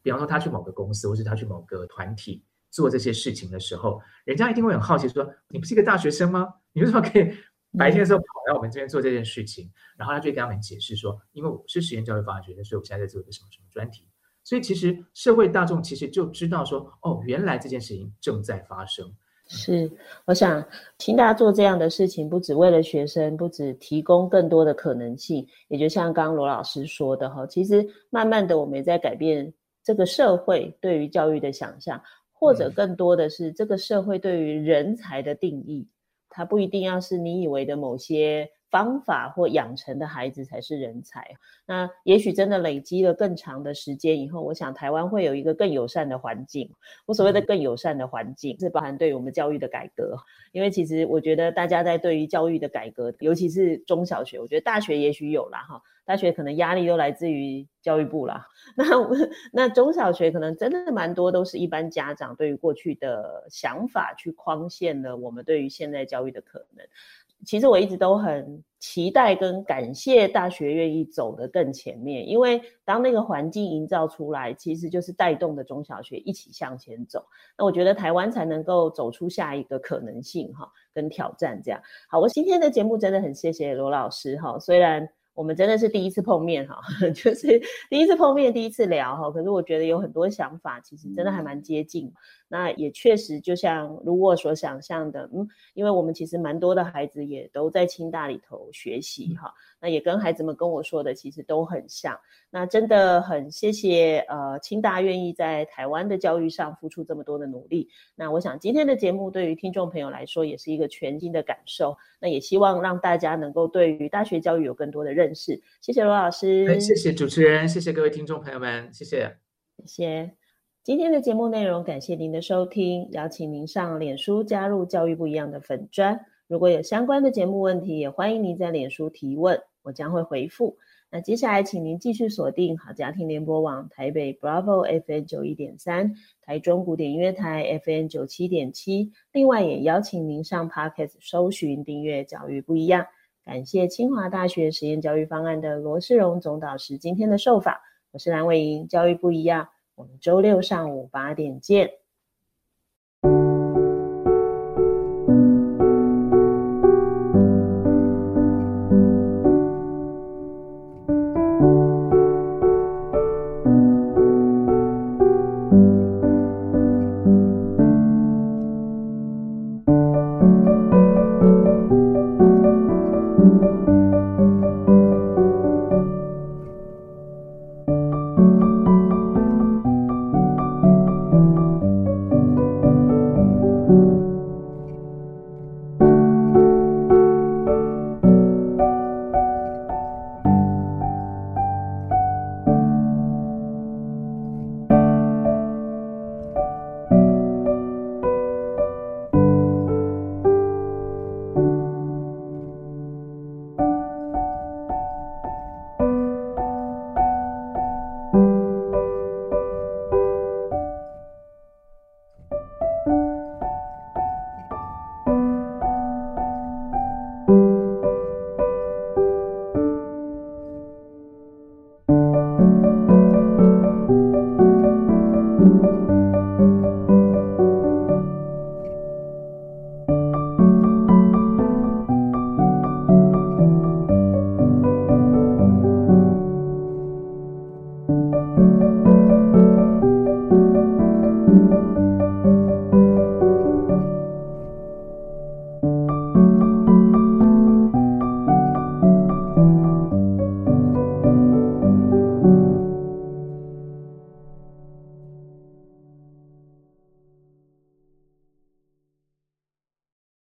比方說他去某個公司，或者是他去某個團體做這些事情的時候，人家一定會很好奇說：“你不是一個大學生嗎？你為什麼可以？”白天的時候跑來我們這邊做這件事情，嗯、然後他就跟他們解釋說，因為我是實驗教育發掘的，所以我現在在做一個什麼什麼專題。所以其實社會大眾其實就知道說，哦，原來這件事情正在發生。嗯、是，我想請大家做這樣的事情，不只為了學生，不只提供更多的可能性。也就像剛剛羅老師說的哈，其實慢慢的我們也在改變這個社會對於教育的想象，或者更多的是這個社會對於人才的定義。嗯它不一定要是你以為的某些。方法或養成的孩子才是人才。那也許真的累積了更長的時間以後，我想台灣會有一個更友善的環境。我所謂的更友善的環境，是包含對於我們教育的改革。因為其實我覺得大家在對於教育的改革，尤其是中小學，我覺得大學也許有啦哈，大學可能壓力都來自於教育部啦。那那中小學可能真的是蠻多，都是一般家長對於過去的想法去框限了我們對於現在教育的可能。其實我一直都很期待跟感謝大學願意走得更前面，因為當那個環境營造出來，其實就是帶動的中小學一起向前走。那我覺得台灣才能夠走出下一個可能性哈，跟挑戰這樣。好，我今天的節目真的很謝謝羅老師哈，雖然我們真的是第一次碰面哈，就是第一次碰面，第一次聊哈，可是我覺得有很多想法其實真的還蠻接近。那也確實，就像如我所想象的，嗯，因為我們其實蠻多的孩子也都在清大裡頭學習哈，嗯，那也跟孩子們跟我說的其實都很像。那真的很謝謝呃清大願意在台灣的教育上付出這麼多的努力。那我想今天的節目對於聽眾朋友來說也是一個全新的感受。那也希望讓大家能夠對於大學教育有更多的認識。謝謝羅老師，哎，謝謝主持人，謝謝各位聽眾朋友們，謝謝，謝謝。今天的節目內容，感謝您的收聽。邀請您上臉書加入“教育不一樣的粉專”。如果有相關的節目問題，也歡迎您在臉書提問，我將會回復。那接下來，請您繼續鎖定好家庭聯播網台北 Bravo FM 九一點三、台中古典音樂台 FM 九七點七。另外，也邀請您上 Podcast 搜尋訂閱“教育不一樣”。感謝清華大學實驗教育方案的羅仕龍總導師今天的受訪。我是藍偉瑩，教育不一樣。我們周六上午八點見。